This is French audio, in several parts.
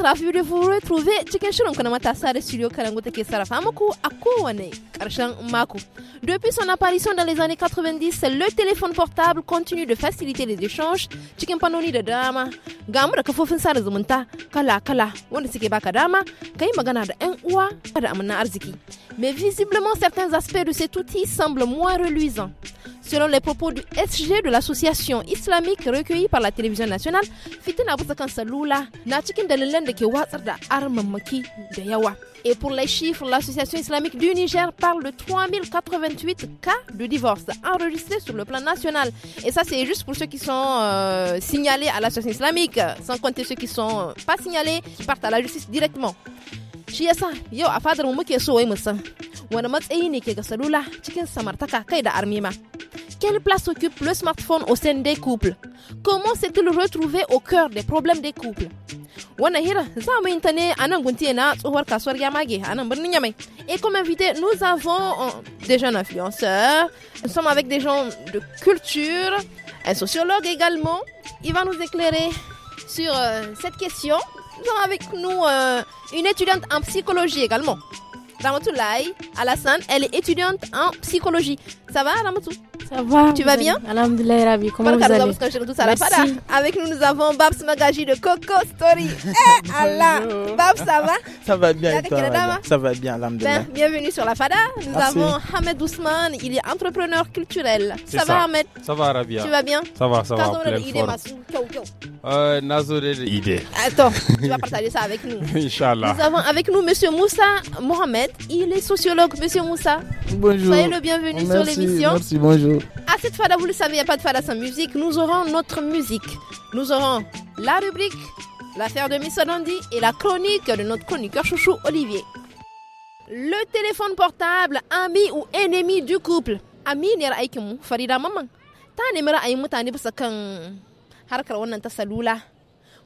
rafi da furu truve cikin shirin ku na matasa da studio kalangu take sarrafa muku a kowane karshen mako depuis son apparition dans les années 90 le téléphone portable continue de faciliter les échanges cikin panoni da dama ga mu da kafofin sada zumunta kala kala wanda suke baka dama kai magana da yan uwa da amanan arziki mais visiblement certains aspects de cet outil semblent moins reluisants Selon les propos du SG de l'association islamique recueillie par la télévision nationale, Fitina kan Saloula n'a cikin dalilan ke watsar da armamaki yawa. Et pour les chiffres, l'association islamique du Niger parle de 3088 cas de divorce enregistrés sur le plan national. Et ça, c'est juste pour ceux qui sont euh, signalés à l'association islamique, sans compter ceux qui sont pas signalés, qui partent à la justice directement. Chiesa, yo a fadar so wai mu san wani matsayi ne ke ga salula cikin samartaka da armima quelle place occupe le smartphone au sein des couples Comment s'est-il retrouvé au cœur des problèmes des couples et comme invité, nous avons euh, des jeunes influenceurs, nous sommes avec des gens de culture, un sociologue également. Il va nous éclairer sur euh, cette question. Nous avons avec nous euh, une étudiante en psychologie également. Ramatoulaye Alassane, elle est étudiante en psychologie. Ça va, Alamoutou Ça va. Tu vas bien Alhamdulillah, Rabi. Comment vous allez Merci. Avec nous, nous avons Babs Magaji de Coco Story. Eh, Allah Babs, ça va Ça va bien, et toi, hein? Ça va bien, Alhamdulillah. Ben, bienvenue sur la Fada. Nous avons Hamed Ousmane. Il est entrepreneur culturel. Ça, va, Hamed Ça va, Rabia. Tu vas bien Ça va, ça va. on l'idée, euh, Attends, tu vas partager ça avec nous. Inch'Allah. Nous avons avec nous Monsieur Moussa Mohamed. Il est sociologue. Monsieur Moussa. Bonjour. Soyez le bienvenu sur les Merci, bonjour. À cette fois-là, vous le savez, il n'y a pas de fada sans musique. Nous aurons notre musique. Nous aurons la rubrique, l'affaire de Miss et la chronique de notre chroniqueur chouchou Olivier. Le téléphone portable, ami ou ennemi du couple. Ami Farida maman.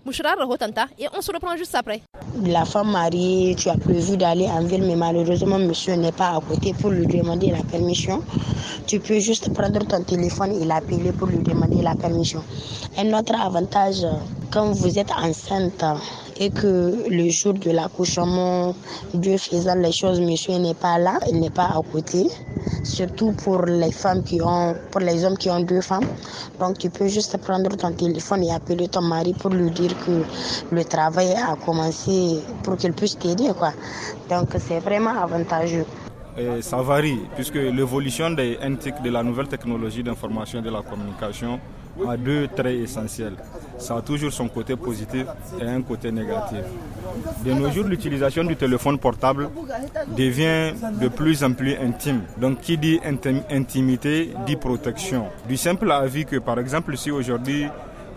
Mouchra Rahotanta et on se reprend juste après. La femme mariée, tu as prévu d'aller en ville, mais malheureusement, monsieur n'est pas à côté pour lui demander la permission. Tu peux juste prendre ton téléphone et l'appeler pour lui demander la permission. Un autre avantage, quand vous êtes enceinte, et que le jour de l'accouchement, Dieu faisant les choses, monsieur n'est pas là, il n'est pas à côté. Surtout pour les femmes qui ont, pour les hommes qui ont deux femmes. Donc tu peux juste prendre ton téléphone et appeler ton mari pour lui dire que le travail a commencé pour qu'il puisse t'aider, quoi. Donc c'est vraiment avantageux. ça varie, puisque l'évolution des de la nouvelle technologie d'information et de la communication, a deux traits essentiels ça a toujours son côté positif et un côté négatif. De nos jours, l'utilisation du téléphone portable devient de plus en plus intime. Donc qui dit intimité dit protection. Du simple avis que par exemple si aujourd'hui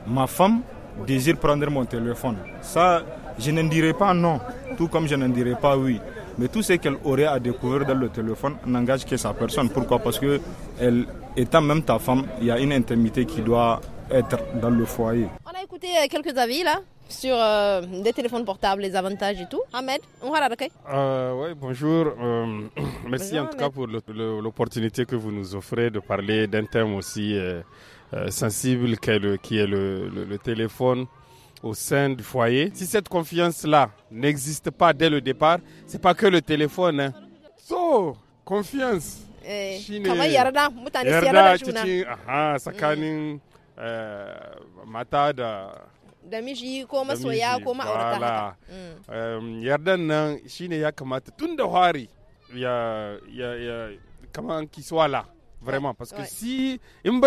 ma femme désire prendre mon téléphone, ça je ne dirais pas non, tout comme je ne dirais pas oui. Mais tout ce qu'elle aurait à découvrir dans le téléphone n'engage que sa personne. Pourquoi Parce que elle, étant même ta femme, il y a une intimité qui doit être dans le foyer. On a écouté euh, quelques avis là sur euh, des téléphones portables, les avantages et tout. Ahmed, on va euh, Oui, bonjour. Euh, merci en tout cas pour l'opportunité que vous nous offrez de parler d'un thème aussi sensible qui est le, téléphone au sein du foyer. Si cette confiance-là n'existe pas dès le départ, c'est pas que le téléphone. Hein. So, confiance. Eh, mata eh, matada da miji ko masoya ko ma'aurata mm. eh, yardan nan shine ya kamata tun ya ya kiswala vraiment parce que si in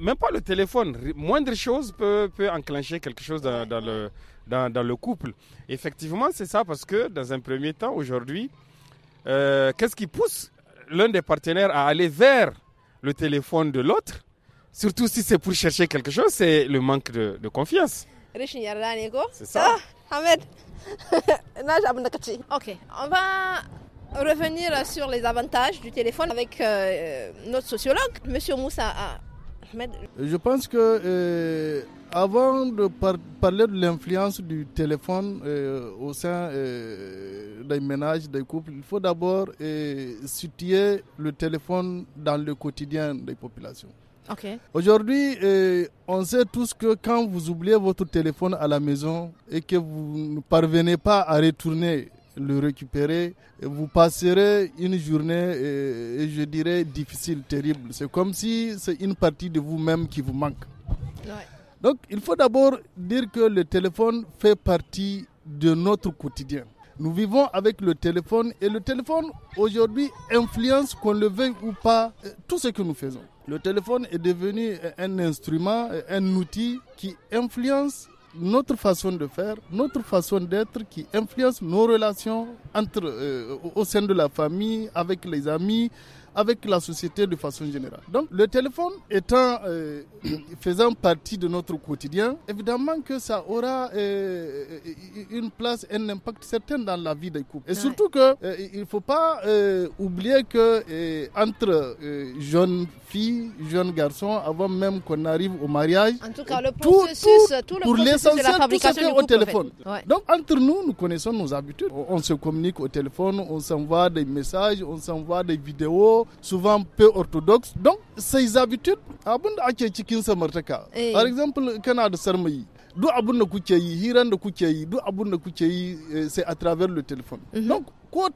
même pas le téléphone. Moindre chose peut, peut enclencher quelque chose dans, le, dans, le couple. Effectivement, c'est ça parce que, dans un premier temps, aujourd'hui, euh, qu'est-ce qui pousse l'un des partenaires à aller vers le téléphone de l'autre, surtout si c'est pour chercher quelque chose, c'est le manque de, confiance. C'est ça. Ah, Ahmed, ok, on va revenir sur les avantages du téléphone avec euh, notre sociologue, Monsieur Moussa je pense que euh, avant de parler de l'influence du téléphone euh, au sein euh, des ménages, des couples, il faut d'abord situer le téléphone dans le quotidien des populations. Aujourd'hui, on sait tous que quand vous oubliez votre téléphone à la maison et que vous ne parvenez pas à retourner le récupérer, vous passerez une journée, euh, et, je dirais, difficile, terrible. C'est comme si c'est une partie de vous-même qui vous manque. Donc, il faut d'abord dire que le téléphone fait partie de notre quotidien. Nous vivons avec le téléphone et le téléphone aujourd'hui influence, qu'on le veuille ou pas, euh, tout ce que nous faisons. Le téléphone est devenu un instrument, un outil qui influence notre façon de faire, notre façon d'être qui influence nos relations entre, euh, au sein de la famille, avec les amis, avec la société de façon générale. Donc le téléphone étant euh, faisant partie de notre quotidien, évidemment que ça aura euh, euh, une place, un impact certain dans la vie des couples. Et surtout que ne il faut pas oublier que entre jeunes filles, jeunes garçons, avant même qu'on arrive au mariage, tout le tout, le pour l'essentiel, tout fait au téléphone. Donc entre nous, nous connaissons nos habitudes. on se communique au téléphone, on s'envoie des messages, on s'envoie des vidéos souvent peu orthodoxe donc ces habitudes abin da ake cikin samartaka par eh. exemple. kana da sarmayi duk abin da kuke yi hiran da kuke yi duk abin da kuke yi eh, sai à travers le téléphone. Mhm. donc pour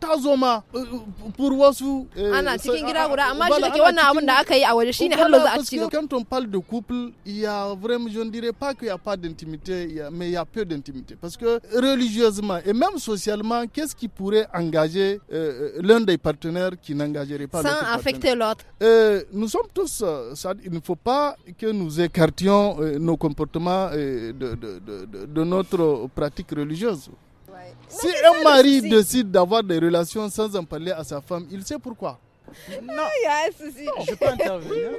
quand on parle de couple il y a vraiment je ne dirais pas qu'il y a pas d'intimité mais il y a peu d'intimité parce que religieusement et même socialement qu'est-ce qui pourrait engager euh, euh, l'un des partenaires qui n'engagerait pas l'autre affecter l'autre euh, nous sommes tous ça, il ne faut pas que nous écartions nos comportements de notre pratique religieuse si un mari décide d'avoir des relations sans en parler à sa femme, il sait pourquoi. Non, il y a un souci. je peux intervenir.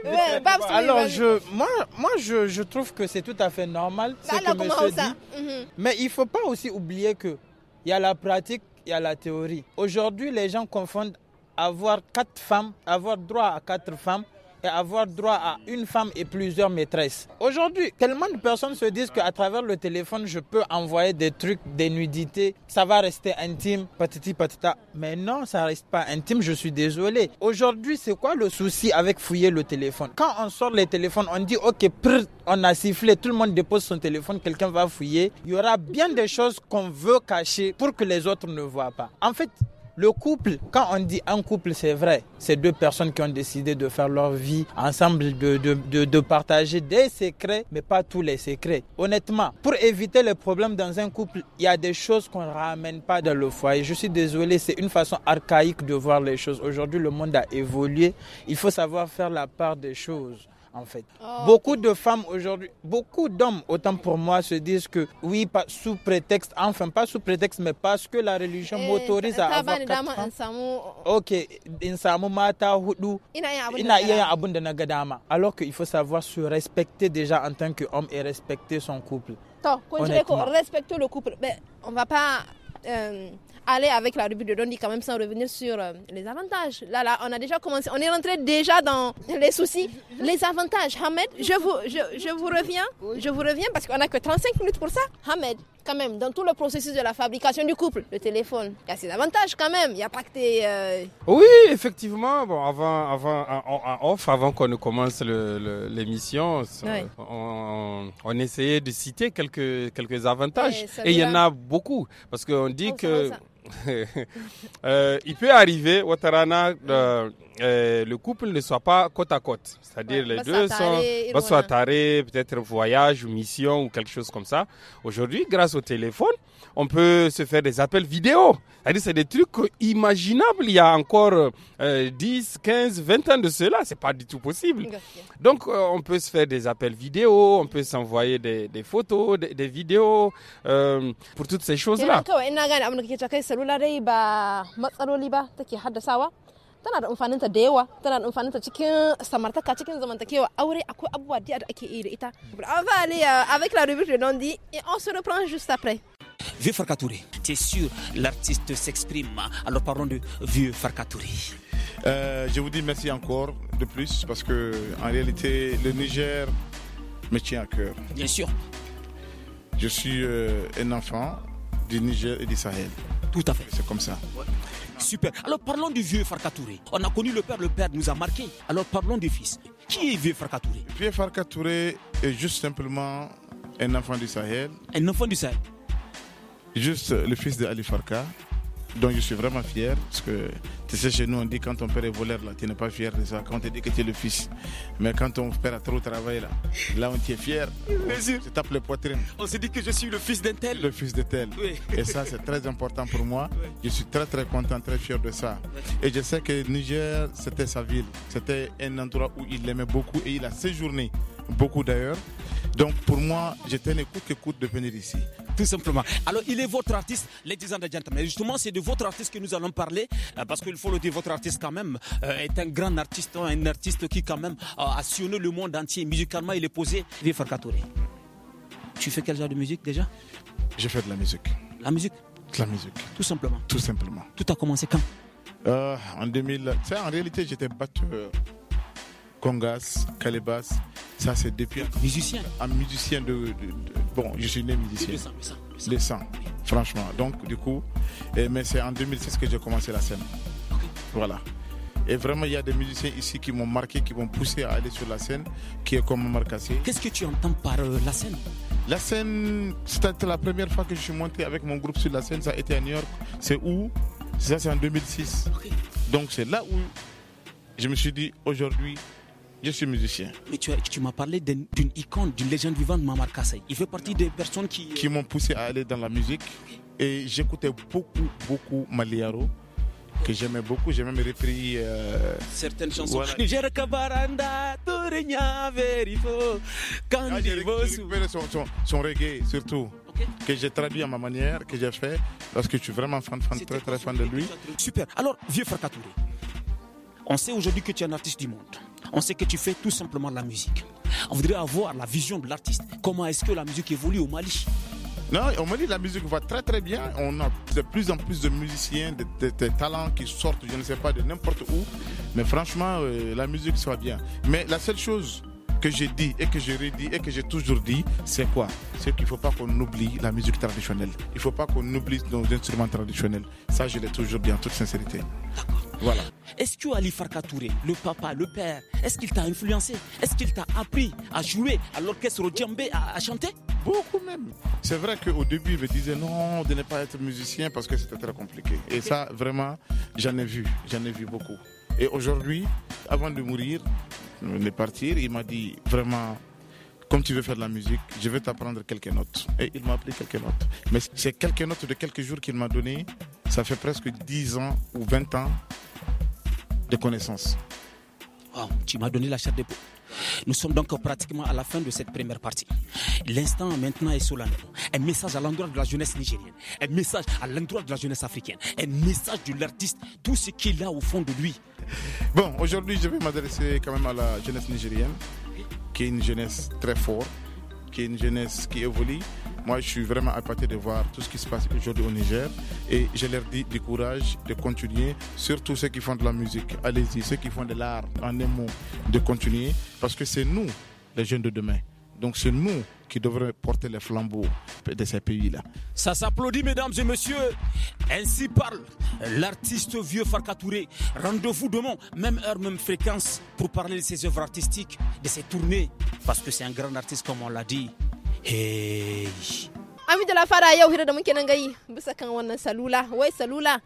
Alors, je, moi, moi je, je trouve que c'est tout à fait normal ce que dit. Mhm. Mais il ne faut pas aussi oublier que il y a la pratique, il y a la théorie. Aujourd'hui, les gens confondent avoir quatre femmes, avoir droit à quatre femmes avoir droit à une femme et plusieurs maîtresses. Aujourd'hui, tellement de personnes se disent qu'à travers le téléphone, je peux envoyer des trucs, des nudités, ça va rester intime, patiti patata. Mais non, ça reste pas intime, je suis désolé. Aujourd'hui, c'est quoi le souci avec fouiller le téléphone Quand on sort les téléphones, on dit ok, on a sifflé, tout le monde dépose son téléphone, quelqu'un va fouiller. Il y aura bien des choses qu'on veut cacher pour que les autres ne voient pas. En fait, le couple, quand on dit un couple, c'est vrai. C'est deux personnes qui ont décidé de faire leur vie ensemble, de, partager des secrets, mais pas tous les secrets. Honnêtement, pour éviter les problèmes dans un couple, il y a des choses qu'on ne ramène pas dans le foyer. Je suis désolé, c'est une façon archaïque de voir les choses. Aujourd'hui, le monde a évolué. Il faut savoir faire la part des choses en fait. Ah, beaucoup de femmes aujourd'hui, beaucoup d'hommes, autant pour moi, se disent que oui, pas, sous prétexte, enfin pas sous prétexte, mais parce que la religion eh, m'autorise à avoir quatre ans. Oh. Ok, alors qu'il faut savoir se respecter déjà en tant qu'homme et respecter son couple. Attends, quand respecter le couple, Mais on va pas euh, aller avec la rubrique de Dondi quand même sans revenir sur euh, les avantages. Là, là, on a déjà commencé, on est rentré déjà dans les soucis. Les avantages, Hamed, je vous, je, je vous reviens, je vous reviens parce qu'on n'a que 35 minutes pour ça. Hamed, quand même, dans tout le processus de la fabrication du couple, le téléphone, il y a ses avantages quand même. Il n'y a pas que tes. Euh, oui, effectivement. Bon, avant, avant, en, off, avant qu'on ne commence l'émission, on, essayait de citer quelques, quelques avantages. Et il y en a beaucoup. Parce qu'on dit que. Euh, il peut arriver, Watarana. Euh, euh, le couple ne soit pas côte à côte. C'est-à-dire les deux sont, peut-être voyage ou mission ou quelque chose comme ça. Aujourd'hui, grâce au téléphone, on peut se faire des appels vidéo. C'est-à-dire c'est des trucs imaginables il y a encore 10, 15, 20 ans de cela. C'est pas du tout possible. Donc euh, on peut se faire des appels vidéo, on peut s'envoyer des, photos, des, des vidéos euh, pour toutes ces choses-là on va aller avec la revue de Nandi et on se reprend juste après Vieux tu t'es sûr, l'artiste s'exprime. Alors parlons de Vieux Farkatouri. Euh, je vous dis merci encore de plus parce que en réalité, le Niger me tient à cœur. Bien sûr. Je suis euh, un enfant du Niger et du Sahel. Tout à fait. C'est comme ça. Ouais. Super. Alors parlons du vieux Touré On a connu le père, le père nous a marqué. Alors parlons du fils. Qui est vieux Farkatouré Vieux Touré est juste simplement un enfant du Sahel. Un enfant du Sahel Juste le fils de Ali Farka. Donc je suis vraiment fier parce que tu sais chez nous on dit quand ton père est voleur là tu n'es pas fier de ça quand on te dit que tu es le fils mais quand ton père a trop travaillé là là on t'est fier Je tu tapes le poitrine on se dit que je suis le fils d'un tel le fils de tel et ça c'est très important pour moi je suis très très content très fier de ça et je sais que Niger c'était sa ville c'était un endroit où il aimait beaucoup et il a séjourné beaucoup d'ailleurs donc pour moi, j'étais une écoute écoute de venir ici. Tout simplement. Alors il est votre artiste, les 10 ans de Mais justement, c'est de votre artiste que nous allons parler, euh, parce qu'il faut le dire, votre artiste quand même euh, est un grand artiste, hein, un artiste qui quand même euh, a sillonné le monde entier. Musicalement, il est posé. Farkatouré. Tu fais quel genre de musique déjà Je fais de la musique. La musique De la musique. Tout simplement. Tout simplement. Tout a commencé quand En 2000. Tu sais, en réalité, j'étais batteur. Congas, Calebas. Ça, c'est depuis. Musicien. Un musicien de, Bon, je suis né musicien. Le sang, franchement. Donc, du coup, eh, mais c'est en 2006 que j'ai commencé la scène. Voilà. Et vraiment, il y a des musiciens ici qui m'ont marqué, qui m'ont poussé à aller sur la scène, qui est comme Marcassé. Qu'est-ce que tu entends par euh, la scène La scène, c'était la première fois que je suis monté avec mon groupe sur la scène, ça a été à New York. C'est où Ça, c'est en 2006. Donc, c'est là où je me suis dit, aujourd'hui, je suis musicien. Mais tu, m'as parlé d'une icône, d'une légende vivante, Mamar Kassai. Il fait partie des personnes qui... Euh, qui m'ont poussé à aller dans la musique. Et j'écoutais beaucoup, beaucoup Maliaro que j'aimais beaucoup, j'ai même repris euh, certaines chansons. Niger voilà. Kabaranda, Torenya quand ah, Son, son, son reggae surtout, que j'ai traduit à ma manière, que j'ai fait, parce que je suis vraiment fan, fan très très fan de lui. Super. Alors, vieux Fakatouré, on sait aujourd'hui que tu es un artiste du monde on sait que tu fais tout simplement de la musique. On voudrait avoir la vision de l'artiste. Comment est-ce que la musique évolue au Mali non, au Mali, la musique va très très bien. On a de plus en plus de musiciens, de, talents qui sortent, je ne sais pas, de n'importe où. Mais franchement, euh, la musique, ça va bien. Mais la seule chose que j'ai dit et que j'ai redit et que j'ai toujours dit, c'est quoi C'est qu'il ne faut pas qu'on oublie la musique traditionnelle. Il ne faut pas qu'on oublie nos instruments traditionnels. Ça, je l'ai toujours dit en toute sincérité. Voilà. Est-ce que Ali Farka Touré, le papa, le père, est-ce qu'il t'a influencé Est-ce qu'il t'a appris à jouer à l'orchestre au djembé, à, chanter Beaucoup même. C'est vrai qu'au début, il me disait non, de ne pas être musicien parce que c'était très compliqué. Et ça, vraiment, j'en ai vu. J'en ai vu beaucoup. Et aujourd'hui, avant de mourir, de partir, il m'a dit vraiment, comme tu veux faire de la musique, je vais t'apprendre quelques notes. Et il m'a appris quelques notes. Mais c'est quelques notes de quelques jours qu'il m'a donné. Ça fait presque 10 ans ou 20 ans de connaissances. tu m'as donné la charte de peau. Nous sommes donc pratiquement à la fin de cette première partie. L'instant maintenant est solennel. Un message à l'endroit de la jeunesse nigérienne, un message à l'endroit de la jeunesse africaine, un message de l'artiste, tout ce qu'il a au fond de lui. Bon, aujourd'hui, je vais m'adresser quand même à la jeunesse nigérienne, qui est une jeunesse très forte, qui est une jeunesse qui évolue. Moi, je suis vraiment appâté de voir tout ce qui se passe aujourd'hui au Niger et je leur dis du courage, de continuer, surtout ceux qui font de la musique. Allez-y, ceux qui font de l'art, en un mot, de continuer parce que c'est nous, les jeunes de demain. Donc c'est nous qui devraient porter les flambeaux de ces pays-là. Ça s'applaudit, mesdames et messieurs. Ainsi parle l'artiste vieux Farkatouré. Rendez-vous demain, même heure, même fréquence, pour parler de ses œuvres artistiques, de ses tournées, parce que c'est un grand artiste, comme on l'a dit. Ami la fara salula wai salula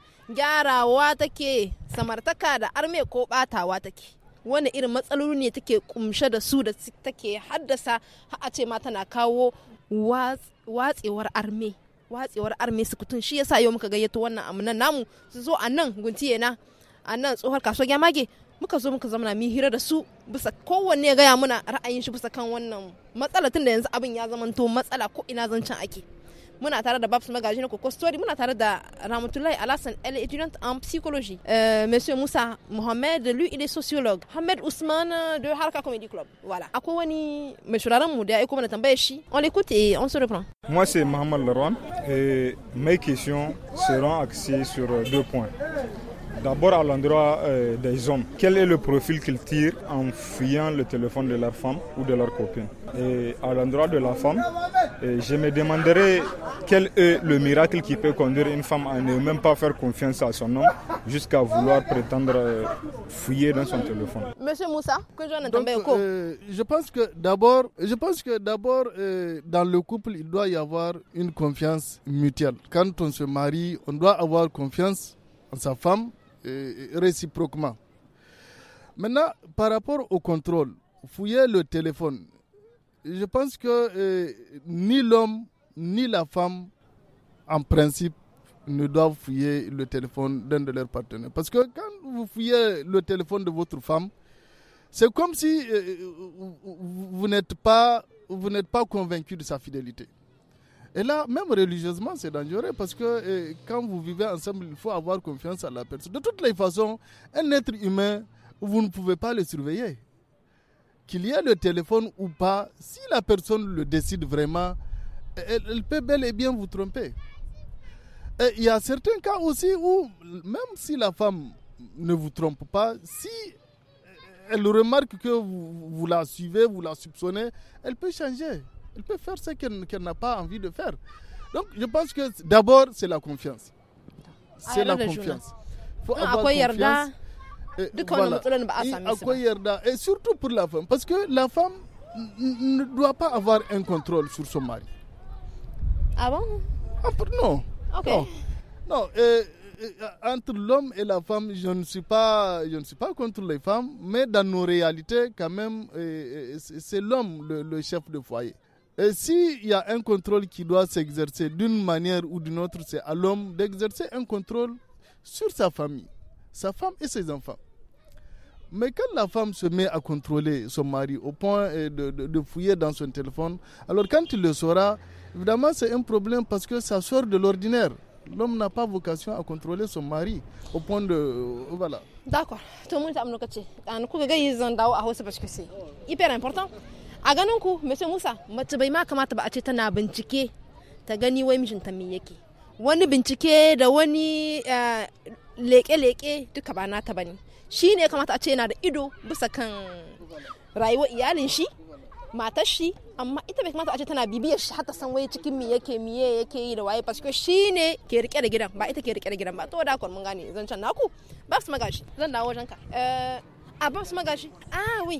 wani irin matsaloli ne take kumshe da su da take haddasa a ce ma tana kawo watsewar arme watsewar arme kutun shi yasa yau muka gayyato wannan amunan namu su zo a nan guntiye na a nan tsohar kasuwar yamage muka zo muka zamana mi hira da su bisa kowanne ya gaya muna ra'ayin shi bisa kan wannan matsala tun da yanzu abin ya zamanto matsala ko ina zancen ake muna tare da Babs Magazine na Coco Story muna tare da Ramatullahi Alassane elle est étudiante en psychologie euh, monsieur Moussa Mohamed lui il est sociologue Ahmed Ousmane de Harka Comedy Club voilà akwai wani Monsieur da on l'écoute et on se reprend moi c'est Mohamed laram et mes questions seront axées sur deux points D'abord à l'endroit euh, des hommes. Quel est le profil qu'ils tirent en fuyant le téléphone de leur femme ou de leur copain Et à l'endroit de la femme, euh, je me demanderai quel est le miracle qui peut conduire une femme à ne même pas faire confiance à son homme jusqu'à vouloir prétendre euh, fouiller dans son téléphone. Monsieur Moussa, que Donc, euh, je pense que d'abord, je pense que d'abord dans le couple, il doit y avoir une confiance mutuelle. Quand on se marie, on doit avoir confiance en sa femme réciproquement. Maintenant, par rapport au contrôle, fouiller le téléphone, je pense que euh, ni l'homme ni la femme, en principe, ne doivent fouiller le téléphone d'un de leurs partenaires. Parce que quand vous fouillez le téléphone de votre femme, c'est comme si euh, euh, vous n'êtes pas, pas convaincu de sa fidélité. Et là, même religieusement, c'est dangereux parce que eh, quand vous vivez ensemble, il faut avoir confiance à la personne. De toutes les façons, un être humain, vous ne pouvez pas le surveiller. Qu'il y ait le téléphone ou pas, si la personne le décide vraiment, elle, peut bel et bien vous tromper. Et il y a certains cas aussi où, même si la femme ne vous trompe pas, si elle remarque que vous la suivez, vous la soupçonnez, elle peut changer. Elle peut faire ce qu'elle n'a pas envie de faire. Donc, je pense que d'abord, c'est la confiance. Ah, c'est la confiance. Il faut avoir confiance. Et, surtout pour la femme, parce que la femme ne doit pas avoir un contrôle sur son mari. Ah bon ah, Non. Non. entre l'homme et la femme, je ne, suis pas, je ne suis pas contre les femmes, mais dans nos réalités, quand même, c'est l'homme le chef de foyer. Et s'il y a un contrôle qui doit s'exercer d'une manière ou d'une autre, c'est à l'homme d'exercer un contrôle sur sa famille, sa femme et ses enfants. Mais quand la femme se met à contrôler son mari au point de, fouiller dans son téléphone, alors quand il le saura, évidemment c'est un problème parce que ça sort de l'ordinaire. L'homme n'a pas vocation à contrôler son mari au point de... Euh, voilà. D'accord. Tout le monde a un Hyper important. a ganin ku mace musa mace bai ma kamata ba a ce tana bincike ta gani wai mijinta me yake wani bincike da wani eh, leke-leke duka ba nata ne. shi ne kamata a ce yana da ido bisa kan rayuwar iyalin shi matar shi amma ita bai kamata a ce tana bibiyar shi hata san wai cikin me yake miye yake yi da waye ba shi ne ke rike da gidan ba ita ke rike da gidan ba to da kun mun gane zan can naku su magashi zan dawo wajenka eh a su magashi ah oui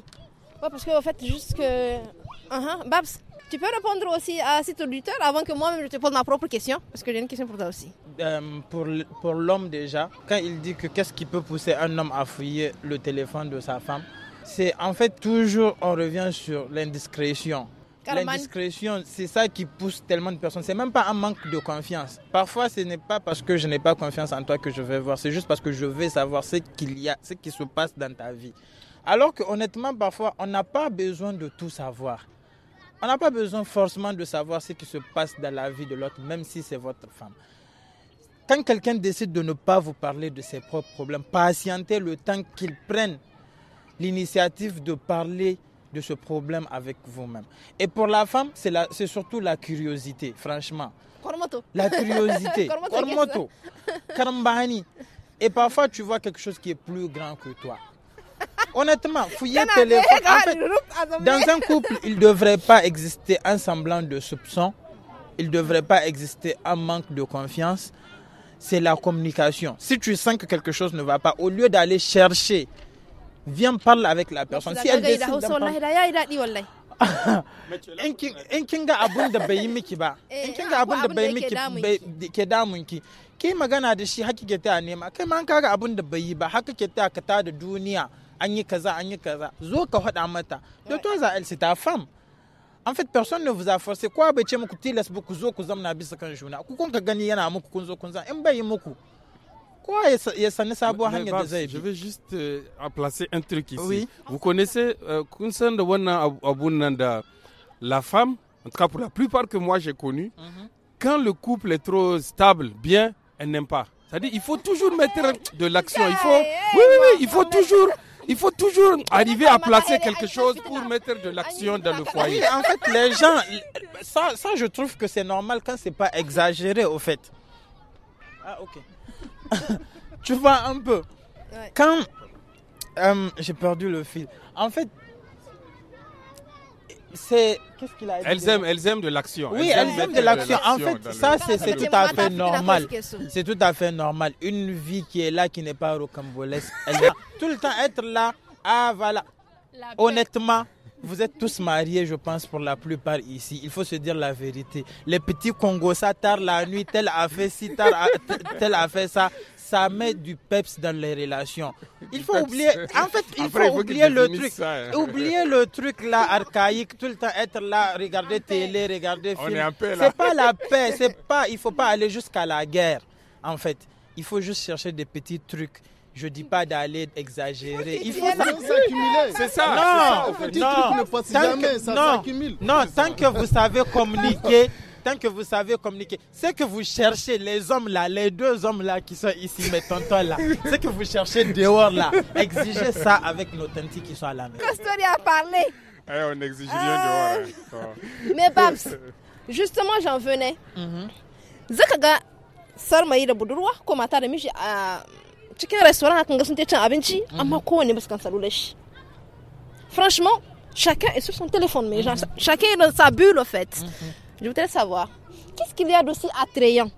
Ouais, parce qu'en fait, juste que. Uh-huh. Babs, tu peux répondre aussi à cet auditeur avant que moi-même je te pose ma propre question Parce que j'ai une question pour toi aussi. Euh, pour l'homme déjà, quand il dit que qu'est-ce qui peut pousser un homme à fouiller le téléphone de sa femme, c'est en fait toujours on revient sur l'indiscrétion. L'indiscrétion, c'est ça qui pousse tellement de personnes. C'est même pas un manque de confiance. Parfois, ce n'est pas parce que je n'ai pas confiance en toi que je vais voir. C'est juste parce que je veux savoir ce qu'il y a, ce qui se passe dans ta vie. Alors que honnêtement, parfois, on n'a pas besoin de tout savoir. On n'a pas besoin forcément de savoir ce qui se passe dans la vie de l'autre, même si c'est votre femme. Quand quelqu'un décide de ne pas vous parler de ses propres problèmes, patientez le temps qu'il prenne l'initiative de parler de ce problème avec vous-même. Et pour la femme, c'est surtout la curiosité, franchement. La curiosité. Et parfois, tu vois quelque chose qui est plus grand que toi. Honnêtement, fouiller téléphone. dans un couple, il ne devrait pas exister un semblant de soupçon. Il ne devrait pas exister un manque de confiance. C'est la communication. Si tu sens que quelque chose ne va pas, au lieu d'aller chercher viens parle avec la personne si elle décide in kin ga abun da bai yi miki ba in eh, kin ga abun da bai miki ke damun ki ke magana da shi haki ke ta nema kai ma an kaga abun da bai yi ba haka ke ta ka ta da duniya an yi kaza an yi kaza zo ka faɗa mata da to za elle ta fam en fait personne ne vous a forcé quoi bai ce muku tilas ba ku zo ku zamna bisa kan juna ku kun ka gani yana muku kun zo kun za in bai yi muku ça Je vais juste euh, placer un truc ici. Vous connaissez euh, la femme, en tout cas pour la plupart que moi j'ai connu, mhm. quand le couple est trop stable, bien, elle n'aime pas. C'est-à-dire il faut toujours mettre de l'action, il faut Oui oui oui, il faut toujours il faut toujours arriver à placer quelque chose pour mettre de l'action dans le foyer. en fait, les gens, ça, ça je trouve que c'est normal quand c'est pas exagéré, au fait. Ah, ok. tu vois un peu. Quand euh, j'ai perdu le fil. En fait, c'est qu'est-ce qu'il a elles aiment, elles aiment de l'action. Oui, elles, aiment, de l'action. En fait, ça c'est tout à fait normal. C'est tout à fait normal. Une vie qui est là qui n'est pas rocambolesque, elle va tout le temps être là. Ah voilà. Honnêtement, vous êtes tous mariés, je pense, pour la plupart ici. Il faut se dire la vérité. Les petits Congos, ça tard la nuit, tel a fait ci, tel a fait ça. Ça met du peps dans les relations. Il faut oublier. En fait, il faut, oublier le truc. Oublier le truc là archaïque, tout le temps être là, regarder télé, regarder On Ce C'est pas la paix. C'est pas. Il faut pas aller jusqu'à la guerre. En fait, il faut juste chercher des petits trucs je dis pas d'aller exagérer. Il faut s'accumuler. C'est ça. Non, ça. non. Truc, ne tant jamais, que, ça non, non, tant que vous savez communiquer. tant que vous savez communiquer, c'est que vous cherchez les hommes là, les deux hommes là qui sont ici, mes tontons là, c'est que vous cherchez dehors là. Exigez ça avec nos qui sont à la maison. Castori a parlé. Eh, on exige rien euh, dehors. Hein, Mais Babs, justement j'en venais. Mhm. Zakaga, sar mai da budurwa ko mata cikin restaurant hakan ga sun ta cin abinci mhm. amma kowanne ba su kan salular shi franchement chacun est sur son téléphone mais genre, mhm. chacun est dans sa bulle en fait mhm. je voudrais savoir qu'est-ce qu'il y a d'aussi attrayant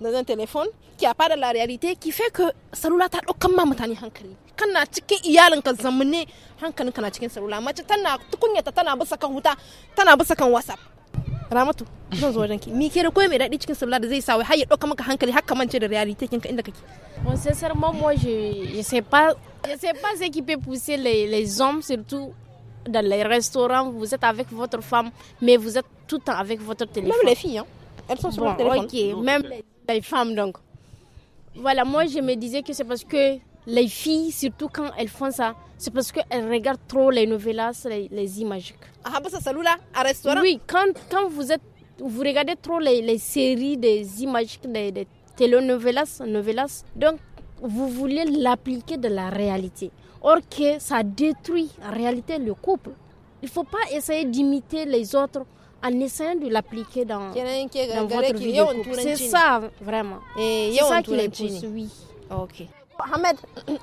dans un téléphone qui a pas de la réalité qui fait que salula ta ɗaukan ma mutane hankali kana cikin iyalinka zamane hankalinka na cikin salula mace tana tukunyata tana bisa kan wuta tana bisa kan whatsapp ramatu zan zo wajenki mi ke da koyi mai daɗi cikin sabla da zai sa wai har ya ɗauka maka hankali har ka mance da reality kinka inda kake on sait sincèrement moi je je sais pas je sais pas ce qui peut pousser les les hommes surtout dans les restaurants vous êtes avec votre femme mais vous êtes tout le temps avec votre téléphone même les filles hein elles sont sur bon, le téléphone ok même les, les femmes donc voilà moi je me disais que c'est parce que les filles, surtout quand elles font ça, c'est parce qu'elles regardent trop les novellas, les, images. Ah, bah ça, ça là, restaurant Oui, quand, quand vous, êtes, vous regardez trop les, séries des images, des, des novelas, donc vous voulez l'appliquer de la réalité. Or que ça détruit en réalité le couple. Il ne faut pas essayer d'imiter les autres en essayant de l'appliquer dans, dans votre vie. C'est ça, vraiment. C'est ça qui les pousse, oui. Ah, ok. Ahmed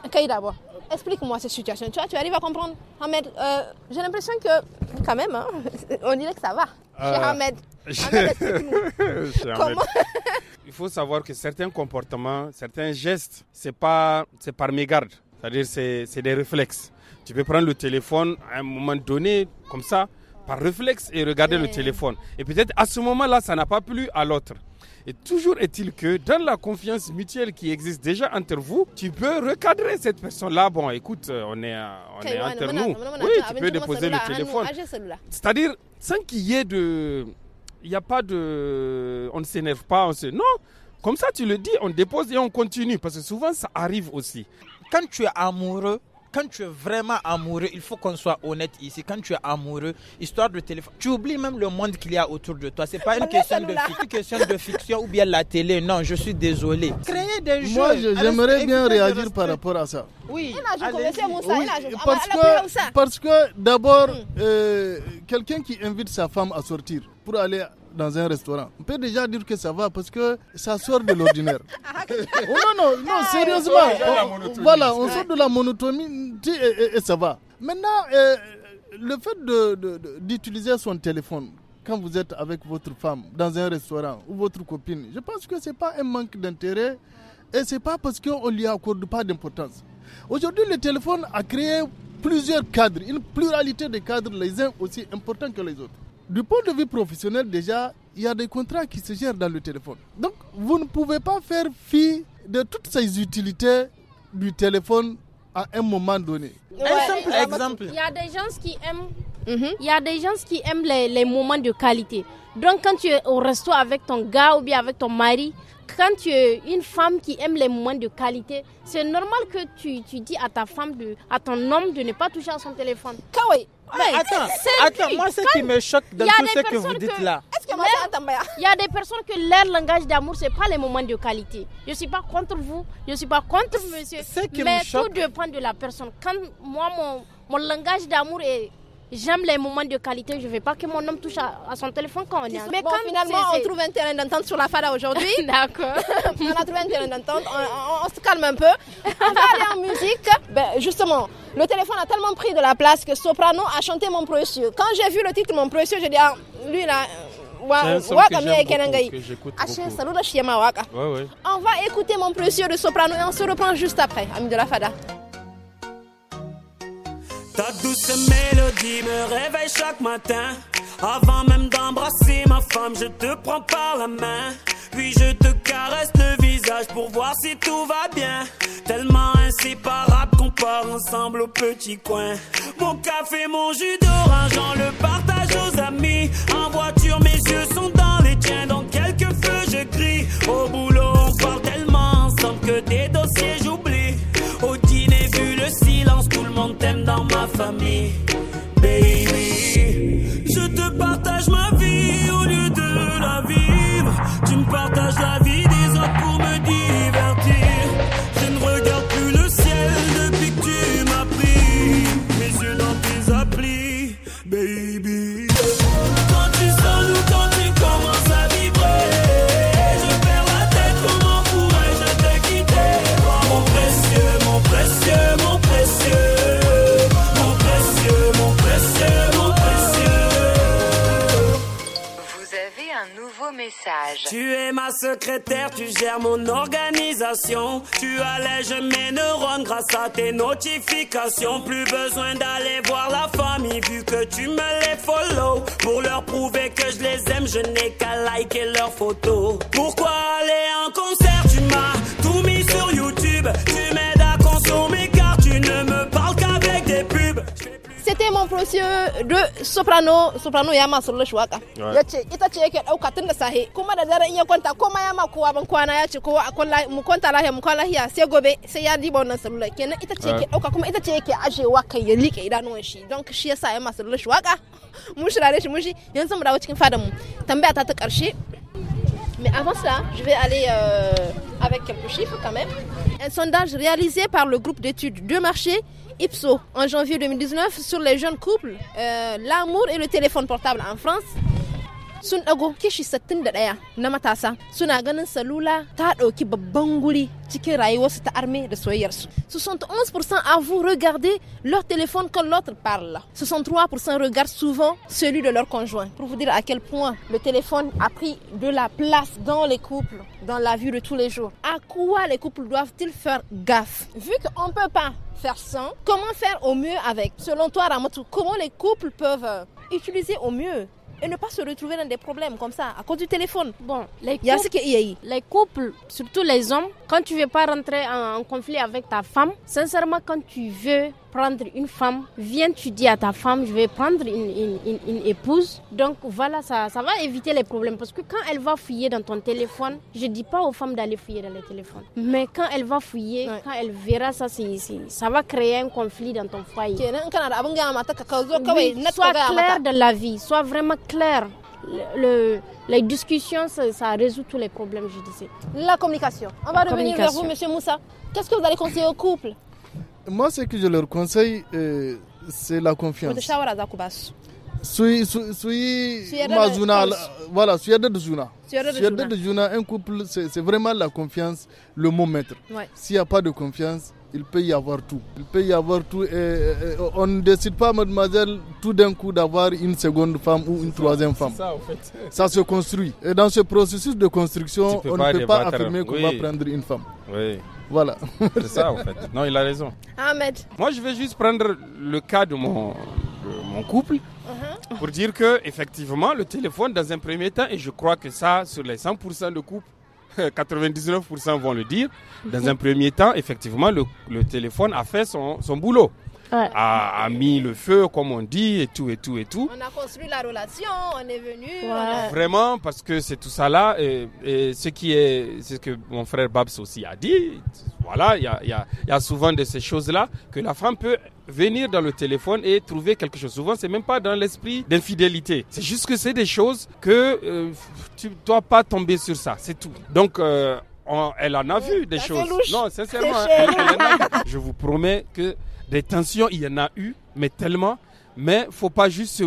Kaïdabo, explique-moi cette situation. Tu vois, tu arrives à comprendre, Ahmed. Euh, j'ai l'impression que, quand même, hein, on dirait que ça va. Euh, Chez Ahmed. Chez Ahmed Il faut savoir que certains comportements, certains gestes, c'est pas, c'est par mégarde. C'est-à-dire, c'est, des réflexes. Tu peux prendre le téléphone à un moment donné, comme ça, par réflexe, et regarder le téléphone. Et peut-être à ce moment-là, ça n'a pas plu à l'autre. Et toujours est-il que dans la confiance mutuelle qui existe déjà entre vous, tu peux recadrer cette personne-là. Bon, écoute, euh, on est, euh, on est entre nous. Oui, tu peux déposer le téléphone. C'est-à-dire, sans qu'il y ait de. Il n'y a pas de. On ne s'énerve pas, on se. Non! Comme ça, tu le dis, on dépose et on continue. Parce que souvent, ça arrive aussi. Quand tu es amoureux, quand tu es vraiment amoureux, il faut qu'on soit honnête ici. Quand tu es amoureux, histoire de téléphone, tu oublies même le monde qu'il y a autour de toi. C'est pas une question, de, question de fiction ou bien la télé. Non, je suis désolé. Créer des jeux. Moi, j'aimerais bien réagir par rapport à ça. Oui. Parce que, d'abord, mm. euh, quelqu'un qui invite sa femme à sortir pour aller dans un restaurant, on peut déjà dire que ça va parce que ça sort de l'ordinaire. Ah, oh non, non, non, ah, sérieusement. Oh, oh, voilà, on sort de la monotonie et, ça va. Maintenant, euh, le fait d'utiliser son téléphone quand vous êtes avec votre femme dans un restaurant ou votre copine, je pense que ce n'est pas un manque d'intérêt et ce n'est pas parce qu'on ne lui accorde pas d'importance. Aujourd'hui, le téléphone a créé plusieurs cadres, une pluralité de cadres, les uns aussi importants que les autres du point de vue professionnel, déjà, il y a des contrats qui se gèrent dans le téléphone. Donc, vous ne pouvez pas faire fi de toutes ces utilités du téléphone à un moment donné. Un simple exemple. Il y a des gens qui aiment. Mhm. Il y a des gens qui aiment les, les, moments de qualité. Donc quand tu es au resto avec ton gars ou bien avec ton mari, quand tu es une femme qui aime les moments de qualité, c'est normal que tu, tu dis à ta femme, de, à ton homme de ne pas toucher à son téléphone. Kawai, ah, mais attends, moi ce qui me choque dans tout ce que vous dites là. Il y a des personnes que leur langage d'amour, ce n'est pas les moments de qualité. Je ne suis pas contre vous, je ne suis pas contre monsieur. mais tout dépend de la personne. Quand moi, mon langage d'amour est J'aime les moments de qualité. Je ne veux pas que mon homme touche à, son téléphone quand on est. Mais quand finalement, on trouve un terrain d'entente sur la fada aujourd'hui. on a trouvé un terrain d'entente. On, se calme un peu. On va aller en musique. Ben, justement, le téléphone a tellement pris de la place que Soprano a chanté Mon Précieux. Quand j'ai vu le titre Mon Précieux, j'ai dit, ah, lui là. On va écouter mon précieux de soprano et on se reprend juste après, ami de la Fada. Ta douce mélodie me réveille chaque matin. Avant même d'embrasser ma femme, je te prends par la main. Puis je te caresse le visage pour voir si tout va bien. Tellement inséparable qu'on part ensemble au petit coin. Mon café, mon jus d'orange, on le partage aux amis. En voiture, mes yeux sont dans les tiens. Dans quelques feux, je crie au bout secrétaire, tu gères mon organisation. Tu allèges mes neurones grâce à tes notifications. Plus besoin d'aller voir la famille vu que tu me les follow. Pour leur prouver que je les aime, je n'ai qu'à liker leurs photos. Pourquoi aller en concert, tu m'as invité mon de soprano soprano ya ma sulla shuwaka yace ita ce yake dauka tun da sahe kuma da daren ya kwanta kuma ya ma kowa ban kwana yace kowa a kwalla mu kwanta lahiya mu kwana lahiya sai gobe sai ya diba wannan sulla kenan ita ce yake dauka kuma ita ce yake ajewa kai ya rike idanuwan shi don shi yasa ya ma sulla shuwaka mun shirare shi mun shi yanzu mu dawo cikin fadan mu tambaya ta ta karshe Mais avant cela, je vais aller euh, avec quelques chiffres quand même. Un sondage réalisé par le groupe d'études de marché IPSO en janvier 2019 sur les jeunes couples, euh, l'amour et le téléphone portable en France. 61 salula 71% à vous regarder leur téléphone quand l'autre parle. 63% regardent souvent celui de leur conjoint. Pour vous dire à quel point le téléphone a pris de la place dans les couples, dans la vie de tous les jours. À quoi les couples doivent-ils faire gaffe Vu qu'on ne peut pas faire sans, comment faire au mieux avec Selon toi, Ramatou, comment les couples peuvent euh, utiliser au mieux et ne pas se retrouver dans des problèmes comme ça à cause du téléphone. Bon, les couples, surtout les hommes, quand tu veux pas rentrer en conflit avec ta femme, sincèrement, quand tu veux prendre une femme, viens, tu dis à ta femme, je vais prendre une, une, épouse. Donc voilà, ça, ça, va éviter les problèmes. Parce que quand elle va fouiller dans ton téléphone, je dis pas aux femmes d'aller fouiller dans les téléphones. Mais quand elle va fouiller, quand elle verra ça, c'est ça va créer un conflit dans ton foyer. sois clair dans la vie, sois vraiment clair. Le, les discussions, ça, résout tous les problèmes, je disais. La communication. On va revenir vers vous, Monsieur Moussa. Qu'est-ce que vous allez conseiller au couple moi, ce que je leur conseille, euh, c'est la confiance. Sui, suis voilà, de Juna. Suyada de Juna, un couple, c'est vraiment la confiance, le mot maître. S'il n'y a pas de confiance, il peut y avoir tout. Il peut y avoir tout. on ne décide pas, mademoiselle, tout d'un coup d'avoir une seconde femme ou une troisième femme. Ça, en fait. ça se construit. Et dans ce processus de construction, on ne peut pas affirmer qu'on va prendre une femme. Oui. Voilà. C'est ça, en fait. Non, il a raison. Ahmed. Moi, je vais juste prendre le cas de mon, couple. Uh-huh. Pour dire que effectivement le téléphone dans un premier temps et je crois que ça sur les 100% de couple. 99% vont le dire. Dans un premier temps, effectivement, le, téléphone a fait son boulot a, mis le feu, comme on dit, et tout, et tout, et tout. On a construit la relation, on est venu. Vraiment, parce que c'est tout ça là. Et, ce qui est, c'est ce que mon frère Babs aussi a dit. Voilà, il y a, souvent de ces choses-là que la femme peut venir dans le téléphone et trouver quelque chose. Souvent, c'est même pas dans l'esprit d'infidélité. C'est juste que c'est des choses que tu euh, tu dois pas tomber sur ça. C'est tout. Donc, euh, elle en a vu des choses. Non, sincèrement, hein, je vous promets que des tensions, il y en a eu, mais tellement. Mais il ne faut pas juste se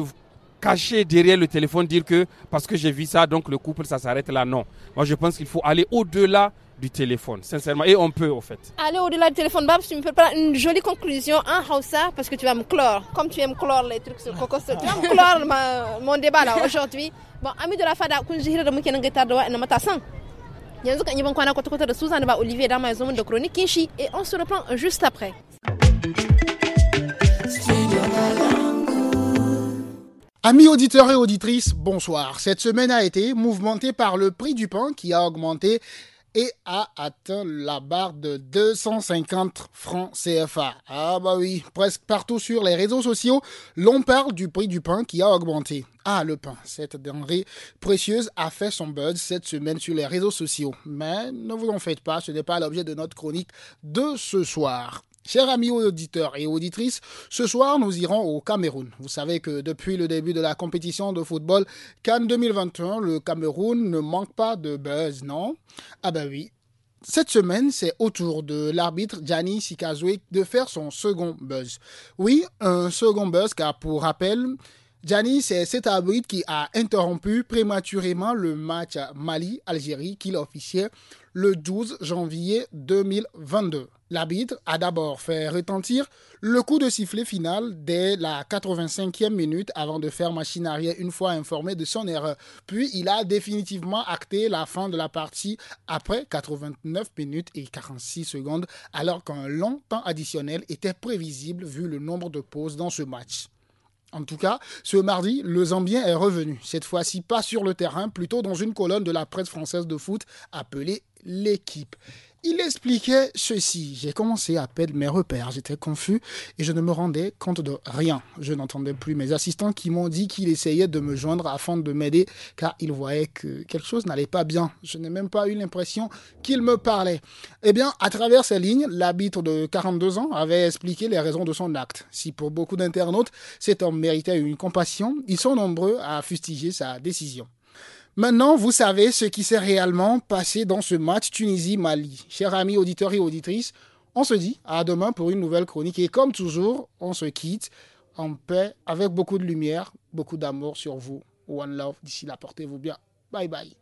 cacher derrière le téléphone, dire que parce que j'ai vu ça, donc le couple, ça s'arrête là. Non. Moi, je pense qu'il faut aller au-delà du téléphone, sincèrement. Et on peut, en fait. Aller au-delà du téléphone, Babs, tu me prépares une jolie conclusion en ah, Hausa parce que tu vas me clore. Comme tu aimes clore les trucs sur Coco, tu vas me clore mon débat là aujourd'hui. Bon, ami de la Fada, kun jihira da muke nan gaitar da wa'annan matasan. Yanzu kan yi qui kwata-kwata da ba Olivier dama ma zone de chronique shi et on se reprend juste après. Amis auditeurs et auditrices, bonsoir. Cette semaine a été mouvementée par le prix du pain qui a augmenté et a atteint la barre de 250 francs CFA. Ah bah oui, presque partout sur les réseaux sociaux, l'on parle du prix du pain qui a augmenté. Ah, le pain, cette denrée précieuse a fait son buzz cette semaine sur les réseaux sociaux. Mais ne vous en faites pas, ce n'est pas l'objet de notre chronique de ce soir. Chers amis auditeurs et auditrices, ce soir nous irons au Cameroun. Vous savez que depuis le début de la compétition de football Cannes 2021, le Cameroun ne manque pas de buzz, non Ah bah oui. Cette semaine, c'est au tour de l'arbitre Gianni Sikazwe de faire son second buzz. Oui, un second buzz car pour rappel, Gianni, c'est cet arbitre qui a interrompu prématurément le match Mali-Algérie qu'il officiait le 12 janvier 2022. L'arbitre a d'abord fait retentir le coup de sifflet final dès la 85e minute avant de faire machine arrière une fois informé de son erreur. Puis il a définitivement acté la fin de la partie après 89 minutes et 46 secondes alors qu'un long temps additionnel était prévisible vu le nombre de pauses dans ce match. En tout cas, ce mardi, le Zambien est revenu, cette fois-ci pas sur le terrain, plutôt dans une colonne de la presse française de foot appelée L'équipe. Il expliquait ceci. J'ai commencé à perdre mes repères. J'étais confus et je ne me rendais compte de rien. Je n'entendais plus mes assistants qui m'ont dit qu'il essayait de me joindre afin de m'aider car il voyait que quelque chose n'allait pas bien. Je n'ai même pas eu l'impression qu'il me parlait. Eh bien, à travers ces lignes, l'arbitre de 42 ans avait expliqué les raisons de son acte. Si pour beaucoup d'internautes, cet homme méritait une compassion, ils sont nombreux à fustiger sa décision. Maintenant, vous savez ce qui s'est réellement passé dans ce match Tunisie-Mali. Chers amis auditeurs et auditrices, on se dit à demain pour une nouvelle chronique. Et comme toujours, on se quitte en paix, avec beaucoup de lumière, beaucoup d'amour sur vous. One love. D'ici là, portez-vous bien. Bye bye.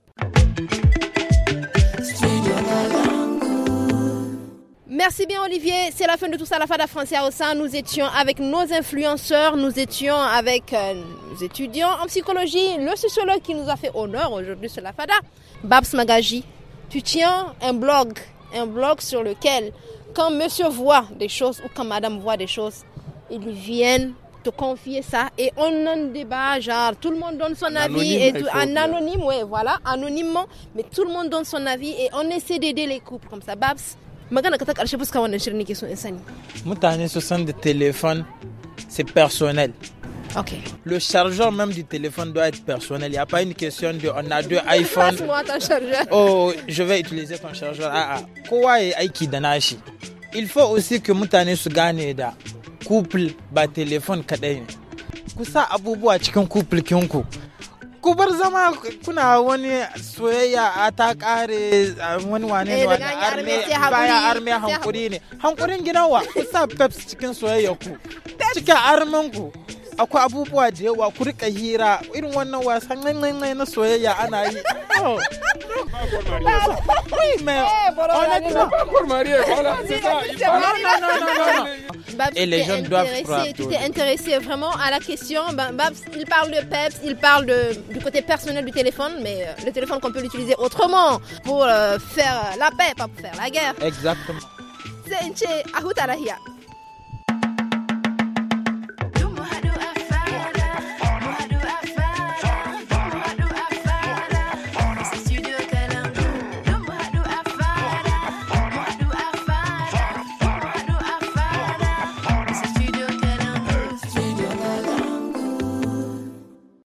Merci bien Olivier, c'est la fin de tout ça, la Fada Français au sein Nous étions avec nos influenceurs, nous étions avec euh, nos étudiants en psychologie, le sociologue qui nous a fait honneur aujourd'hui sur la Fada. Babs Magaji, tu tiens un blog, un blog sur lequel quand monsieur voit des choses ou quand madame voit des choses, ils viennent te confier ça et on en débat, genre tout le monde donne son avis et anonyme, ouais, voilà, anonymement, mais tout le monde donne son avis et on essaie d'aider les couples comme ça. Babs, magana ka ta karshe fuska wannan shirin nake so in sani mutane su san da telefon c'est personnel Okay. Le chargeur même du téléphone doit être personnel. Il n'y a pas une question de on a deux iPhones. Oh, oh, je vais utiliser ton chargeur. Ah, ah. Il faut aussi que mutane su gane da couple ba téléphone kadai ne. Kusa abubuwa cikin couple kinku. ku bar zama kuna wani soyayya a ta kare wani wane ne eh, wani hankuri ne hankurin ginawa wa ku peps cikin soyayya ku cikin arminku Et les jeunes doivent Tu t'es intéressé vraiment à la question. Babs, il parle de PEPS, il parle du côté personnel du téléphone, mais le téléphone qu'on peut l'utiliser autrement pour faire la paix, pas pour faire la guerre. Exactement.